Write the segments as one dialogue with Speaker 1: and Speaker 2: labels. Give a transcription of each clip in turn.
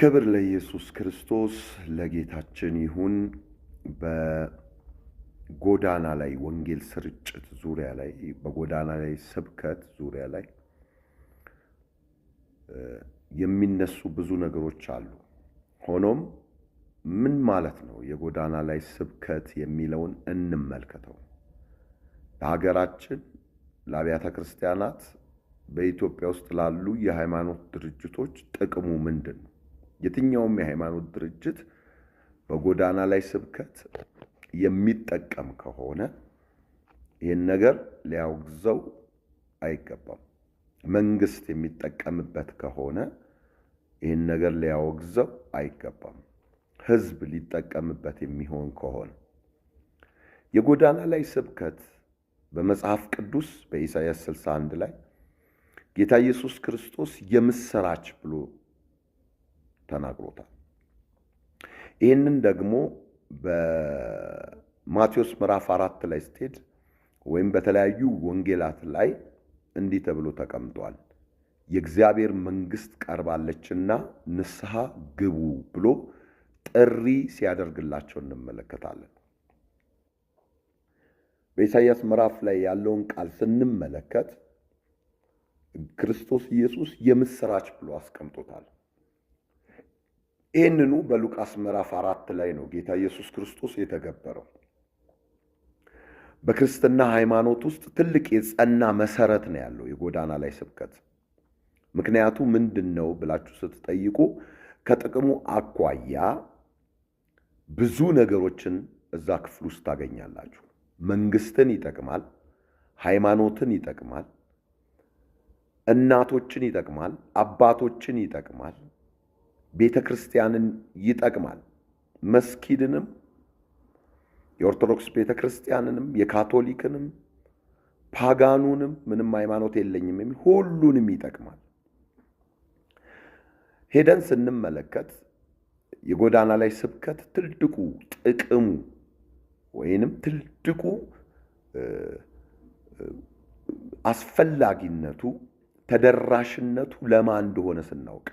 Speaker 1: ክብር ለኢየሱስ ክርስቶስ ለጌታችን ይሁን። በጎዳና ላይ ወንጌል ስርጭት ዙሪያ ላይ በጎዳና ላይ ስብከት ዙሪያ ላይ የሚነሱ ብዙ ነገሮች አሉ። ሆኖም ምን ማለት ነው የጎዳና ላይ ስብከት የሚለውን እንመልከተው። ለሀገራችን፣ ለአብያተ ክርስቲያናት፣ በኢትዮጵያ ውስጥ ላሉ የሃይማኖት ድርጅቶች ጥቅሙ ምንድን ነው? የትኛውም የሃይማኖት ድርጅት በጎዳና ላይ ስብከት የሚጠቀም ከሆነ ይህን ነገር ሊያውግዘው አይገባም። መንግስት የሚጠቀምበት ከሆነ ይህን ነገር ሊያወግዘው አይገባም። ህዝብ ሊጠቀምበት የሚሆን ከሆነ የጎዳና ላይ ስብከት በመጽሐፍ ቅዱስ በኢሳይያስ 61 ላይ ጌታ ኢየሱስ ክርስቶስ የምስራች ብሎ ተናግሮታል። ይህንን ደግሞ በማቴዎስ ምዕራፍ አራት ላይ ስትሄድ ወይም በተለያዩ ወንጌላት ላይ እንዲህ ተብሎ ተቀምጧል። የእግዚአብሔር መንግሥት ቀርባለችና ንስሐ ግቡ ብሎ ጥሪ ሲያደርግላቸው እንመለከታለን። በኢሳይያስ ምዕራፍ ላይ ያለውን ቃል ስንመለከት ክርስቶስ ኢየሱስ የምስራች ብሎ አስቀምጦታል። ይህንኑ በሉቃስ ምዕራፍ አራት ላይ ነው ጌታ ኢየሱስ ክርስቶስ የተገበረው። በክርስትና ሃይማኖት ውስጥ ትልቅ የጸና መሰረት ነው ያለው የጎዳና ላይ ስብከት። ምክንያቱ ምንድን ነው ብላችሁ ስትጠይቁ ከጥቅሙ አኳያ ብዙ ነገሮችን እዛ ክፍል ውስጥ ታገኛላችሁ። መንግስትን ይጠቅማል፣ ሃይማኖትን ይጠቅማል፣ እናቶችን ይጠቅማል፣ አባቶችን ይጠቅማል ቤተ ክርስቲያንን ይጠቅማል። መስኪድንም፣ የኦርቶዶክስ ቤተ ክርስቲያንንም፣ የካቶሊክንም፣ ፓጋኑንም ምንም ሃይማኖት የለኝም የሚል ሁሉንም ይጠቅማል። ሄደን ስንመለከት የጎዳና ላይ ስብከት ትልቁ ጥቅሙ ወይንም ትልቁ አስፈላጊነቱ ተደራሽነቱ ለማን እንደሆነ ስናውቅ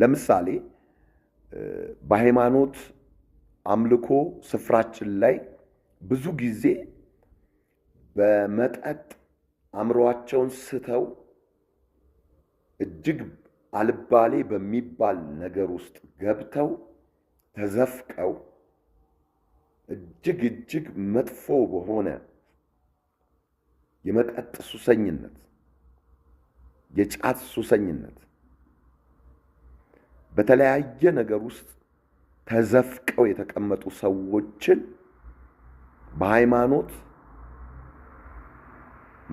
Speaker 1: ለምሳሌ በሃይማኖት አምልኮ ስፍራችን ላይ ብዙ ጊዜ በመጠጥ አእምሯቸውን ስተው እጅግ አልባሌ በሚባል ነገር ውስጥ ገብተው ተዘፍቀው እጅግ እጅግ መጥፎ በሆነ የመጠጥ ሱሰኝነት፣ የጫት ሱሰኝነት በተለያየ ነገር ውስጥ ተዘፍቀው የተቀመጡ ሰዎችን በሃይማኖት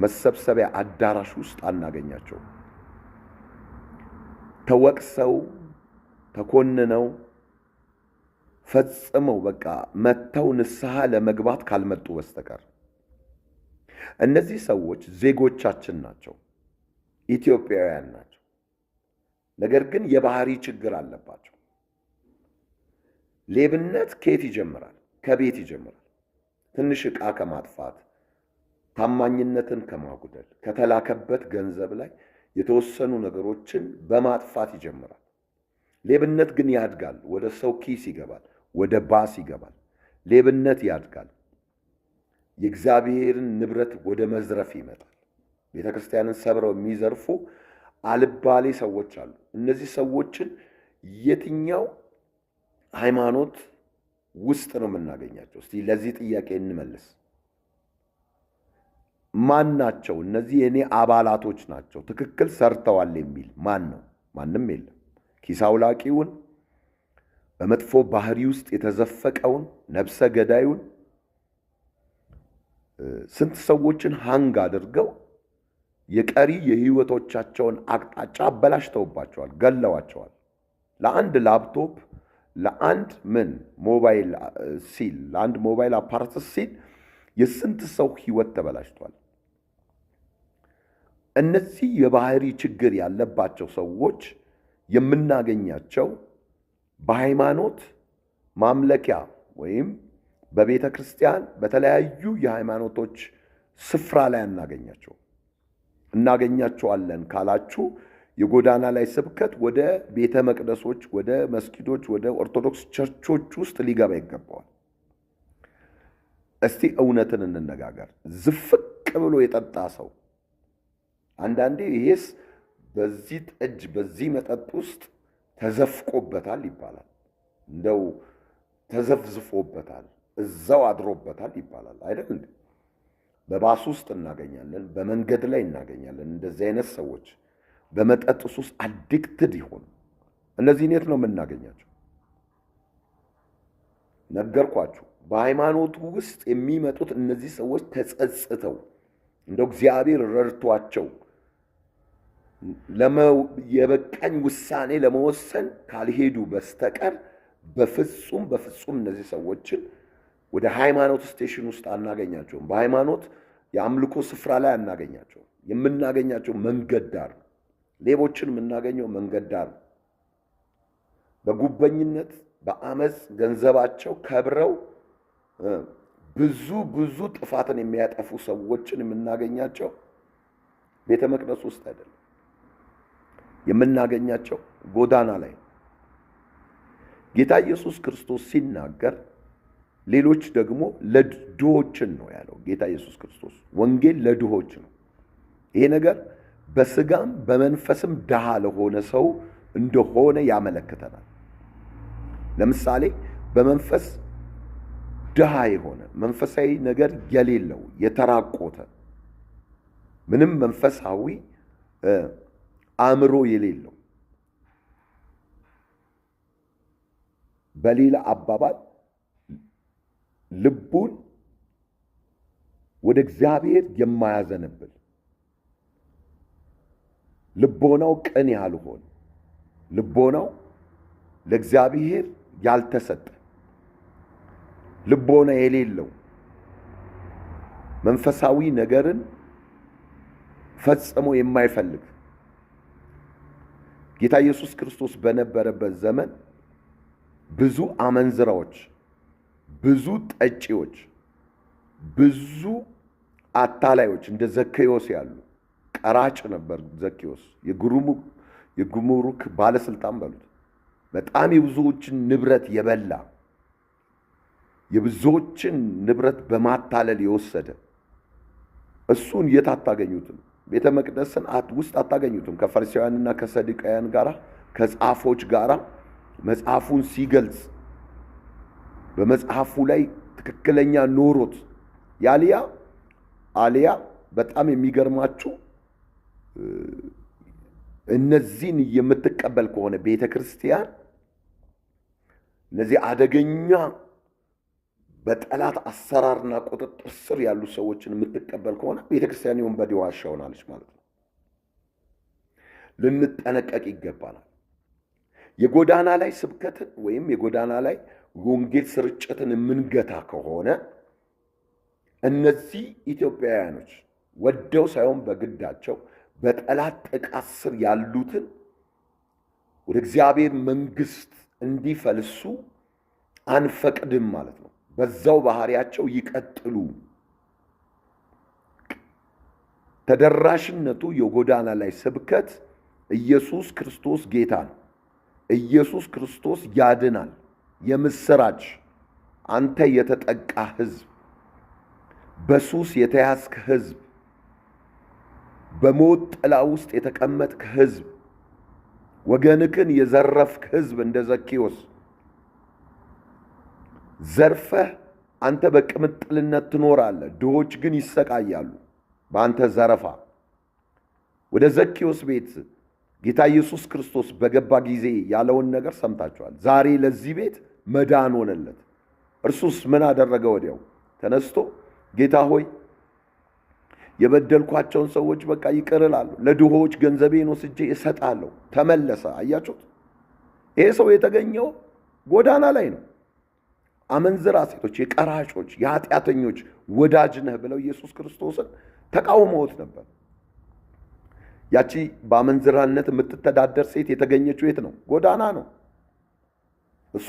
Speaker 1: መሰብሰቢያ አዳራሽ ውስጥ አናገኛቸው። ተወቅሰው ተኮንነው ፈጽመው በቃ መጥተው ንስሐ ለመግባት ካልመጡ በስተቀር እነዚህ ሰዎች ዜጎቻችን ናቸው፣ ኢትዮጵያውያን ናቸው። ነገር ግን የባህሪ ችግር አለባቸው። ሌብነት ከየት ይጀምራል? ከቤት ይጀምራል። ትንሽ ዕቃ ከማጥፋት፣ ታማኝነትን ከማጉደል፣ ከተላከበት ገንዘብ ላይ የተወሰኑ ነገሮችን በማጥፋት ይጀምራል። ሌብነት ግን ያድጋል፣ ወደ ሰው ኪስ ይገባል፣ ወደ ባስ ይገባል። ሌብነት ያድጋል፣ የእግዚአብሔርን ንብረት ወደ መዝረፍ ይመጣል። ቤተ ክርስቲያንን ሰብረው የሚዘርፉ አልባሌ ሰዎች አሉ። እነዚህ ሰዎችን የትኛው ሃይማኖት ውስጥ ነው የምናገኛቸው? እስቲ ለዚህ ጥያቄ እንመልስ። ማን ናቸው እነዚህ? የእኔ አባላቶች ናቸው ትክክል ሰርተዋል የሚል ማን ነው? ማንም የለም። ኪስ አውላቂውን፣ በመጥፎ ባህሪ ውስጥ የተዘፈቀውን፣ ነብሰ ገዳዩን ስንት ሰዎችን ሃንግ አድርገው የቀሪ የህይወቶቻቸውን አቅጣጫ አበላሽተውባቸዋል፣ ገለዋቸዋል። ለአንድ ላፕቶፕ ለአንድ ምን ሞባይል ሲል ለአንድ ሞባይል አፓራተስ ሲል የስንት ሰው ህይወት ተበላሽቷል። እነዚህ የባህሪ ችግር ያለባቸው ሰዎች የምናገኛቸው በሃይማኖት ማምለኪያ ወይም በቤተ ክርስቲያን በተለያዩ የሃይማኖቶች ስፍራ ላይ አናገኛቸው። እናገኛቸዋለን ካላችሁ የጎዳና ላይ ስብከት ወደ ቤተ መቅደሶች፣ ወደ መስጊዶች፣ ወደ ኦርቶዶክስ ቸርቾች ውስጥ ሊገባ ይገባዋል። እስቲ እውነትን እንነጋገር። ዝፍቅ ብሎ የጠጣ ሰው አንዳንዴ ይሄስ በዚህ ጠጅ በዚህ መጠጥ ውስጥ ተዘፍቆበታል ይባላል። እንደው ተዘፍዝፎበታል፣ እዛው አድሮበታል ይባላል አይደል? በባስ ውስጥ እናገኛለን፣ በመንገድ ላይ እናገኛለን። እንደዚህ አይነት ሰዎች በመጠጥ ሱስ አዲክትድ ይሆኑ። እነዚህ ኔት ነው የምናገኛቸው? ነገርኳችሁ። በሃይማኖቱ ውስጥ የሚመጡት እነዚህ ሰዎች ተጸጽተው እንደው እግዚአብሔር ረድቷቸው የበቃኝ ውሳኔ ለመወሰን ካልሄዱ በስተቀር በፍጹም በፍጹም እነዚህ ሰዎችን ወደ ሃይማኖት ስቴሽን ውስጥ አናገኛቸውም። በሃይማኖት የአምልኮ ስፍራ ላይ አናገኛቸውም። የምናገኛቸው መንገድ ዳር ሌቦችን የምናገኘው መንገድ ዳር በጉበኝነት በአመፅ ገንዘባቸው ከብረው ብዙ ብዙ ጥፋትን የሚያጠፉ ሰዎችን የምናገኛቸው ቤተ መቅደስ ውስጥ አይደለም። የምናገኛቸው ጎዳና ላይ ጌታ ኢየሱስ ክርስቶስ ሲናገር ሌሎች ደግሞ ለድሆችን ነው ያለው ጌታ ኢየሱስ ክርስቶስ። ወንጌል ለድሆች ነው። ይሄ ነገር በስጋም በመንፈስም ድሃ ለሆነ ሰው እንደሆነ ያመለክተናል። ለምሳሌ በመንፈስ ድሃ የሆነ መንፈሳዊ ነገር የሌለው የተራቆተ፣ ምንም መንፈሳዊ አእምሮ የሌለው በሌላ አባባል ልቡን ወደ እግዚአብሔር የማያዘንብል ልቦናው ቅን ያልሆን ልቦናው ለእግዚአብሔር ያልተሰጠ ልቦና የሌለው መንፈሳዊ ነገርን ፈጽሞ የማይፈልግ ጌታ ኢየሱስ ክርስቶስ በነበረበት ዘመን ብዙ አመንዝራዎች ብዙ ጠጪዎች፣ ብዙ አታላዮች እንደ ዘኬዎስ ያሉ ቀራጭ ነበር። ዘኬዎስ የጉምሩክ ባለስልጣን በሉት። በጣም የብዙዎችን ንብረት የበላ የብዙዎችን ንብረት በማታለል የወሰደ እሱን የት አታገኙትም። ቤተ መቅደስን ውስጥ አታገኙትም። ከፈሪሳውያንና ከሰዱቃውያን ጋር ከጻፎች ጋር መጽሐፉን ሲገልጽ በመጽሐፉ ላይ ትክክለኛ ኖሮት ያሊያ አሊያ በጣም የሚገርማችሁ እነዚህን የምትቀበል ከሆነ ቤተ ክርስቲያን እነዚህ አደገኛ በጠላት አሰራርና ቁጥጥር ስር ያሉ ሰዎችን የምትቀበል ከሆነ ቤተ ክርስቲያን የወንበዴ ዋሻ ሆናለች ማለት ነው። ልንጠነቀቅ ይገባናል። የጎዳና ላይ ስብከትን ወይም የጎዳና ላይ የወንጌል ስርጭትን የምንገታ ከሆነ እነዚህ ኢትዮጵያውያኖች ወደው ሳይሆን በግዳቸው በጠላት ጥቃት ስር ያሉትን ወደ እግዚአብሔር መንግስት እንዲፈልሱ አንፈቅድም ማለት ነው። በዛው ባህሪያቸው ይቀጥሉ። ተደራሽነቱ የጎዳና ላይ ስብከት ኢየሱስ ክርስቶስ ጌታ ነው። ኢየሱስ ክርስቶስ ያድናል። የምስራች አንተ የተጠቃ ህዝብ በሱስ የተያዝክ ህዝብ በሞት ጥላ ውስጥ የተቀመጥክ ህዝብ ወገንክን የዘረፍክ ህዝብ እንደ ዘኪዮስ ዘርፈህ አንተ በቅምጥልነት ትኖራለህ፣ ድሆች ግን ይሰቃያሉ በአንተ ዘረፋ። ወደ ዘኪዮስ ቤት ጌታ ኢየሱስ ክርስቶስ በገባ ጊዜ ያለውን ነገር ሰምታችኋል። ዛሬ ለዚህ ቤት መዳን ሆነለት። እርሱስ ምን አደረገ? ወዲያው ተነስቶ ጌታ ሆይ የበደልኳቸውን ሰዎች በቃ ይቅር እላለሁ፣ ለድሆዎች ገንዘቤን ወስጄ እሰጣለሁ። ተመለሰ። አያችሁት? ይሄ ሰው የተገኘው ጎዳና ላይ ነው። አመንዝራ ሴቶች፣ የቀራጮች፣ የኃጢአተኞች ወዳጅ ነህ ብለው ኢየሱስ ክርስቶስን ተቃውመውት ነበር። ያቺ በአመንዝራነት የምትተዳደር ሴት የተገኘችው የት ነው? ጎዳና ነው። እሷ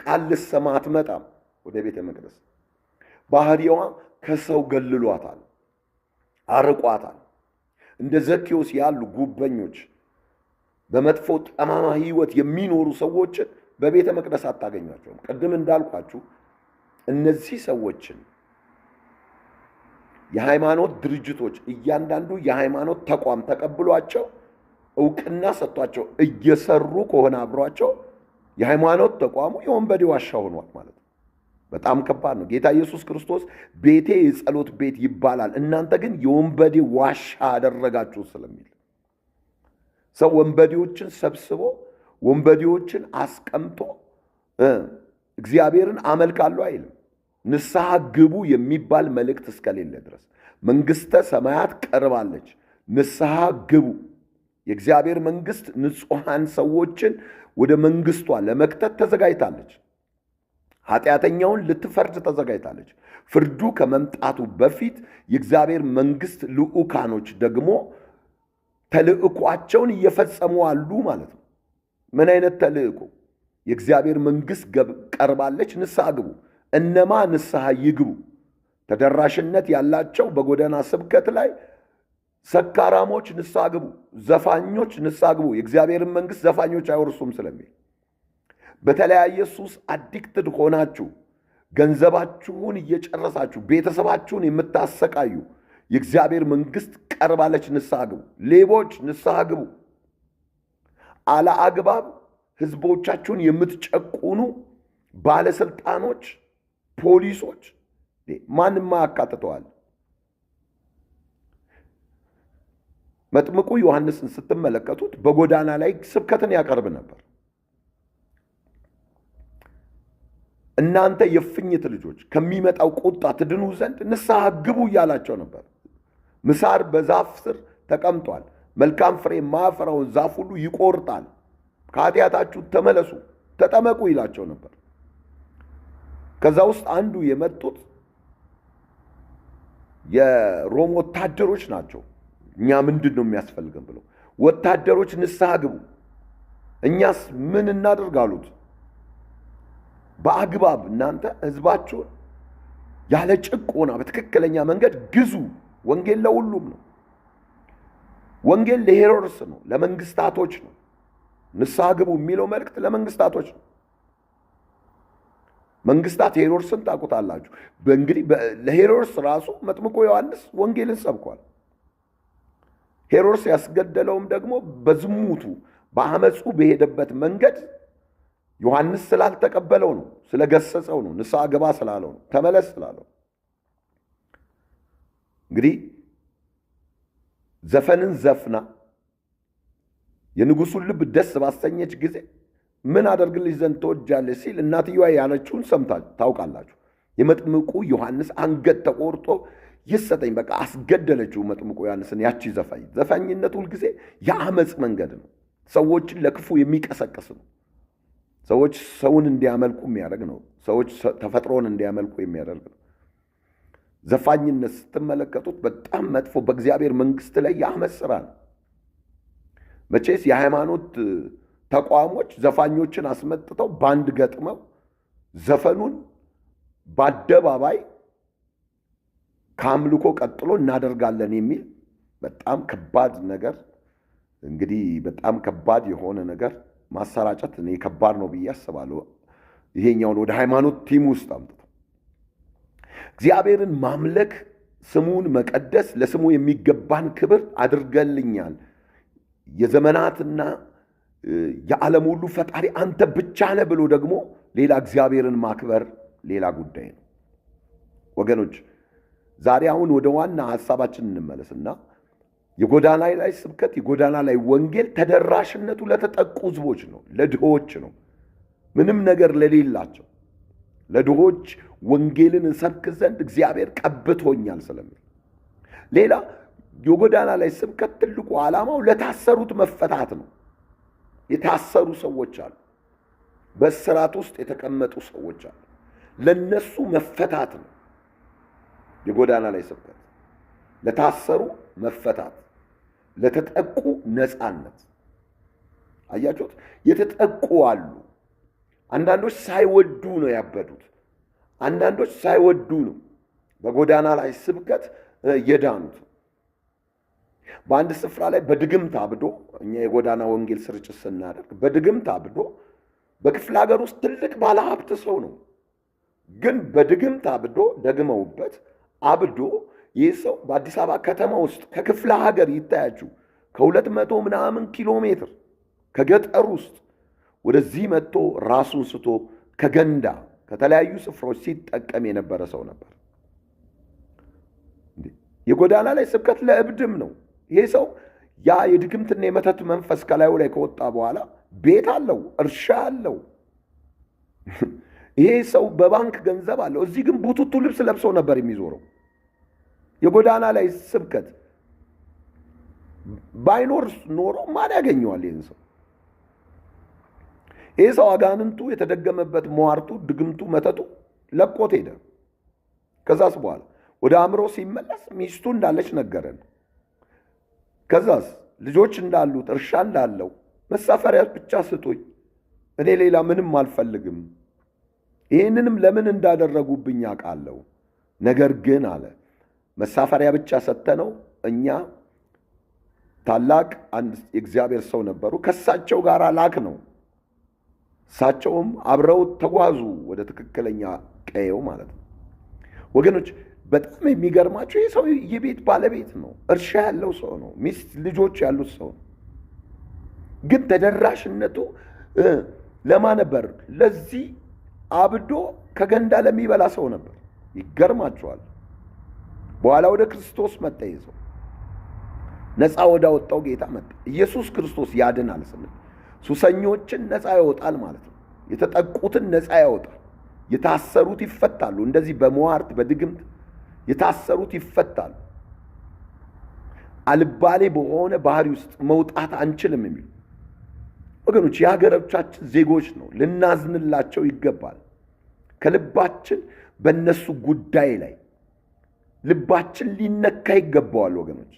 Speaker 1: ቃል ልሰማ አትመጣም ወደ ቤተ መቅደስ። ባህሪዋ ከሰው ገልሏታል፣ አርቋታል። እንደ ዘኬዎስ ያሉ ጉበኞች በመጥፎ ጠማማ ህይወት የሚኖሩ ሰዎችን በቤተ መቅደስ አታገኟቸውም። ቅድም እንዳልኳችሁ እነዚህ ሰዎችን የሃይማኖት ድርጅቶች እያንዳንዱ የሃይማኖት ተቋም ተቀብሏቸው እውቅና ሰጥቷቸው እየሰሩ ከሆነ አብሯቸው የሃይማኖት ተቋሙ የወንበዴ ዋሻ ሆኗል ማለት ነው። በጣም ከባድ ነው። ጌታ ኢየሱስ ክርስቶስ ቤቴ የጸሎት ቤት ይባላል፣ እናንተ ግን የወንበዴ ዋሻ አደረጋችሁ ስለሚል ሰው ወንበዴዎችን ሰብስቦ ወንበዴዎችን አስቀምጦ እግዚአብሔርን አመልካለሁ አይልም። ንስሐ ግቡ የሚባል መልእክት እስከሌለ ድረስ መንግሥተ ሰማያት ቀርባለች፣ ንስሐ ግቡ የእግዚአብሔር መንግስት ንጹሐን ሰዎችን ወደ መንግስቷ ለመክተት ተዘጋጅታለች። ኃጢአተኛውን ልትፈርድ ተዘጋጅታለች። ፍርዱ ከመምጣቱ በፊት የእግዚአብሔር መንግስት ልዑካኖች ደግሞ ተልዕኳቸውን እየፈጸሙ አሉ ማለት ነው። ምን አይነት ተልዕኮ? የእግዚአብሔር መንግስት ቀርባለች፣ ንስሐ ግቡ። እነማ ንስሐ ይግቡ? ተደራሽነት ያላቸው በጎዳና ስብከት ላይ ሰካራሞች ንስሐ ግቡ፣ ዘፋኞች ንስሐ ግቡ፣ የእግዚአብሔርን መንግሥት ዘፋኞች አይወርሱም ስለሚል በተለያየ ሱስ አዲክትድ ሆናችሁ ገንዘባችሁን እየጨረሳችሁ ቤተሰባችሁን የምታሰቃዩ የእግዚአብሔር መንግሥት ቀርባለች፣ ንስሐ ግቡ። ሌቦች ንስሐ ግቡ። አለ አግባብ የምትጨቁኑ ባለስልጣኖች፣ ፖሊሶች ማንም ያካትተዋል። መጥምቁ ዮሐንስን ስትመለከቱት በጎዳና ላይ ስብከትን ያቀርብ ነበር። እናንተ የፍኝት ልጆች ከሚመጣው ቁጣ ትድኑ ዘንድ ንስሐ ግቡ እያላቸው ነበር። ምሳር በዛፍ ስር ተቀምጧል፣ መልካም ፍሬ የማያፈራውን ዛፍ ሁሉ ይቆርጣል፣ ከኃጢአታችሁ ተመለሱ፣ ተጠመቁ ይላቸው ነበር። ከዛ ውስጥ አንዱ የመጡት የሮም ወታደሮች ናቸው። እኛ ምንድን ነው የሚያስፈልገን ብለው ወታደሮች ንስሐ ግቡ፣ እኛስ ምን እናደርግ አሉት። በአግባብ እናንተ ህዝባችሁን ያለ ጭቆና በትክክለኛ መንገድ ግዙ። ወንጌል ለሁሉም ነው። ወንጌል ለሄሮድስ ነው፣ ለመንግስታቶች ነው። ንስሐ ግቡ የሚለው መልእክት ለመንግስታቶች ነው። መንግስታት ሄሮድስን ታውቁታላችሁ። በእንግዲህ ለሄሮድስ ራሱ መጥምቆ ዮሐንስ ወንጌልን ሰብኳል። ሄሮድስ ያስገደለውም ደግሞ በዝሙቱ በአመፁ በሄደበት መንገድ ዮሐንስ ስላልተቀበለው ነው፣ ስለገሰጸው ነው፣ ንስሐ ግባ ስላለው ነው፣ ተመለስ ስላለው እንግዲህ ዘፈንን ዘፍና የንጉሱን ልብ ደስ ባሰኘች ጊዜ ምን አደርግልሽ ዘንድ ትወጃለሽ ሲል እናትየዋ ያለችውን ሰምታ ታውቃላችሁ። የመጥምቁ ዮሐንስ አንገት ተቆርጦ ይሰጠኝ በቃ አስገደለችው መጥምቁ ዮሐንስን ያቺ ዘፋኝ። ዘፋኝነት ሁልጊዜ የአመፅ መንገድ ነው። ሰዎችን ለክፉ የሚቀሰቅስ ነው። ሰዎች ሰውን እንዲያመልኩ የሚያደርግ ነው። ሰዎች ተፈጥሮን እንዲያመልኩ የሚያደርግ ነው። ዘፋኝነት ስትመለከቱት በጣም መጥፎ በእግዚአብሔር መንግስት ላይ የአመፅ ስራ ነው። መቼስ የሃይማኖት ተቋሞች ዘፋኞችን አስመጥተው ባንድ ገጥመው ዘፈኑን በአደባባይ ከአምልኮ ቀጥሎ እናደርጋለን የሚል በጣም ከባድ ነገር እንግዲህ በጣም ከባድ የሆነ ነገር ማሰራጨት እኔ ከባድ ነው ብዬ አስባለሁ። ይሄኛውን ወደ ሃይማኖት ቲም ውስጥ አምጥቶ እግዚአብሔርን ማምለክ፣ ስሙን መቀደስ፣ ለስሙ የሚገባን ክብር አድርገልኛል። የዘመናትና የዓለም ሁሉ ፈጣሪ አንተ ብቻ ነህ ብሎ ደግሞ ሌላ እግዚአብሔርን ማክበር ሌላ ጉዳይ ነው ወገኖች። ዛሬ አሁን ወደ ዋና ሀሳባችን እንመለስና የጎዳና ላይ ስብከት የጎዳና ላይ ወንጌል ተደራሽነቱ ለተጠቁ ህዝቦች ነው፣ ለድሆች ነው፣ ምንም ነገር ለሌላቸው ለድሆች ወንጌልን እንሰብክ ዘንድ እግዚአብሔር ቀብቶኛል ስለሚል ሌላ የጎዳና ላይ ስብከት ትልቁ ዓላማው ለታሰሩት መፈታት ነው። የታሰሩ ሰዎች አሉ። በእስራት ውስጥ የተቀመጡ ሰዎች አሉ። ለነሱ መፈታት ነው። የጎዳና ላይ ስብከት፣ ለታሰሩ መፈታት፣ ለተጠቁ ነፃነት። አያችሁት? የተጠቁ አሉ። አንዳንዶች ሳይወዱ ነው ያበዱት። አንዳንዶች ሳይወዱ ነው በጎዳና ላይ ስብከት የዳኑት። በአንድ ስፍራ ላይ በድግምት አብዶ እኛ የጎዳና ወንጌል ስርጭት ስናደርግ በድግምት አብዶ በክፍለ ሀገር ውስጥ ትልቅ ባለሀብት ሰው ነው፣ ግን በድግምት አብዶ ደግመውበት አብዶ ይህ ሰው በአዲስ አበባ ከተማ ውስጥ ከክፍለ ሀገር ይታያችሁ ከሁለት መቶ ምናምን ኪሎ ሜትር ከገጠር ውስጥ ወደዚህ መጥቶ ራሱን ስቶ ከገንዳ ከተለያዩ ስፍራዎች ሲጠቀም የነበረ ሰው ነበር። የጎዳና ላይ ስብከት ለእብድም ነው። ይሄ ሰው ያ የድግምትና የመተት መንፈስ ከላዩ ላይ ከወጣ በኋላ ቤት አለው፣ እርሻ አለው። ይሄ ሰው በባንክ ገንዘብ አለው። እዚህ ግን ቡቱቱ ልብስ ለብሶ ነበር የሚዞረው። የጎዳና ላይ ስብከት ባይኖር ኖሮ ማን ያገኘዋል ይህን ሰው? ይህ ሰው አጋንንቱ የተደገመበት መዋርቱ፣ ድግምቱ፣ መተቱ ለቆት ሄደ። ከዛስ በኋላ ወደ አእምሮ ሲመለስ ሚስቱ እንዳለች ነገረን። ከዛስ ልጆች እንዳሉት እርሻ እንዳለው መሳፈሪያ ብቻ ስጡኝ፣ እኔ ሌላ ምንም አልፈልግም። ይህንንም ለምን እንዳደረጉብኝ አውቃለሁ። ነገር ግን አለ መሳፈሪያ ብቻ ነው። እኛ ታላቅ አንድ የእግዚአብሔር ሰው ነበሩ። ከሳቸው ጋር ላክ ነው። እሳቸውም አብረው ተጓዙ ወደ ትክክለኛ ቀየው ማለት ነው። ወገኖች በጣም የሚገርማቸው ይህ ሰው የቤት ባለቤት ነው። እርሻ ያለው ሰው ነው። ሚስት ልጆች ያሉት ሰው ነው። ግን ተደራሽነቱ ለማ ነበር? ለዚህ አብዶ ከገንዳ ለሚበላ ሰው ነበር። ይገርማቸዋል። በኋላ ወደ ክርስቶስ መጣ። ይዘው ነፃ ወዳወጣው ጌታ መጣ። ኢየሱስ ክርስቶስ ያድናል ስንል ሱሰኞችን ነፃ ያወጣል ማለት ነው። የተጠቁትን ነፃ ያወጣል። የታሰሩት ይፈታሉ። እንደዚህ በመዋርት በድግምት የታሰሩት ይፈታሉ። አልባሌ በሆነ ባህሪ ውስጥ መውጣት አንችልም የሚሉ ወገኖች የሀገሮቻችን ዜጎች ነው። ልናዝንላቸው ይገባል። ከልባችን በእነሱ ጉዳይ ላይ ልባችን ሊነካ ይገባዋል ወገኖች።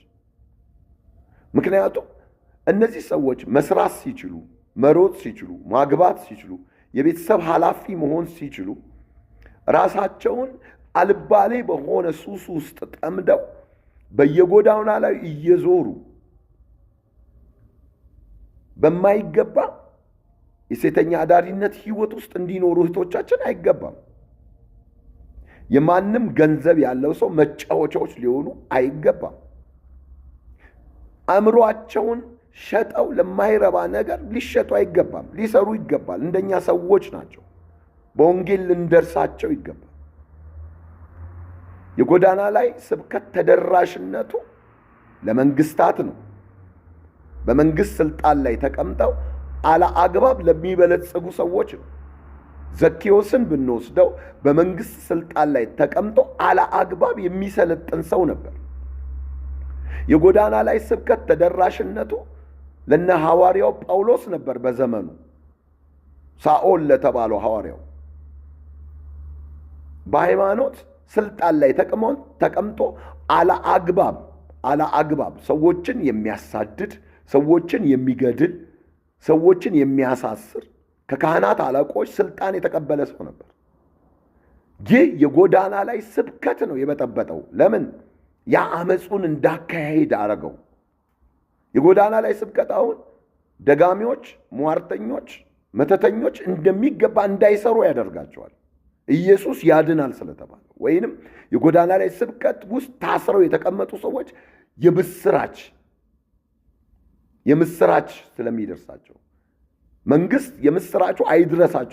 Speaker 1: ምክንያቱም እነዚህ ሰዎች መስራት ሲችሉ፣ መሮጥ ሲችሉ፣ ማግባት ሲችሉ፣ የቤተሰብ ኃላፊ መሆን ሲችሉ ራሳቸውን አልባሌ በሆነ ሱስ ውስጥ ጠምደው በየጎዳና ላይ እየዞሩ በማይገባ የሴተኛ አዳሪነት ህይወት ውስጥ እንዲኖሩ እህቶቻችን አይገባም። የማንም ገንዘብ ያለው ሰው መጫወቻዎች ሊሆኑ አይገባም። አእምሯቸውን ሸጠው ለማይረባ ነገር ሊሸጡ አይገባም። ሊሰሩ ይገባል። እንደኛ ሰዎች ናቸው። በወንጌል ልንደርሳቸው ይገባል። የጎዳና ላይ ስብከት ተደራሽነቱ ለመንግስታት ነው። በመንግስት ስልጣን ላይ ተቀምጠው አለአግባብ ለሚበለጽጉ ሰዎች ነው። ዘኬዎስን ብንወስደው በመንግስት ስልጣን ላይ ተቀምጦ አግባብ የሚሰለጥን ሰው ነበር። የጎዳና ላይ ስብከት ተደራሽነቱ ለነ ሐዋርያው ጳውሎስ ነበር። በዘመኑ ሳኦል ለተባለው ሐዋርያው በሃይማኖት ስልጣን ላይ ተቀምጦ አላ አግባብ ሰዎችን የሚያሳድድ፣ ሰዎችን የሚገድል፣ ሰዎችን የሚያሳስር ከካህናት አለቆች ስልጣን የተቀበለ ሰው ነበር። ይህ የጎዳና ላይ ስብከት ነው የበጠበጠው። ለምን ያ አመፁን እንዳካሄድ አረገው። የጎዳና ላይ ስብከት አሁን ደጋሚዎች፣ ሟርተኞች፣ መተተኞች እንደሚገባ እንዳይሰሩ ያደርጋቸዋል። ኢየሱስ ያድናል ስለተባለ ወይንም የጎዳና ላይ ስብከት ውስጥ ታስረው የተቀመጡ ሰዎች የምስራች የምስራች ስለሚደርሳቸው መንግስት የምስራቹ አይድረሳቸው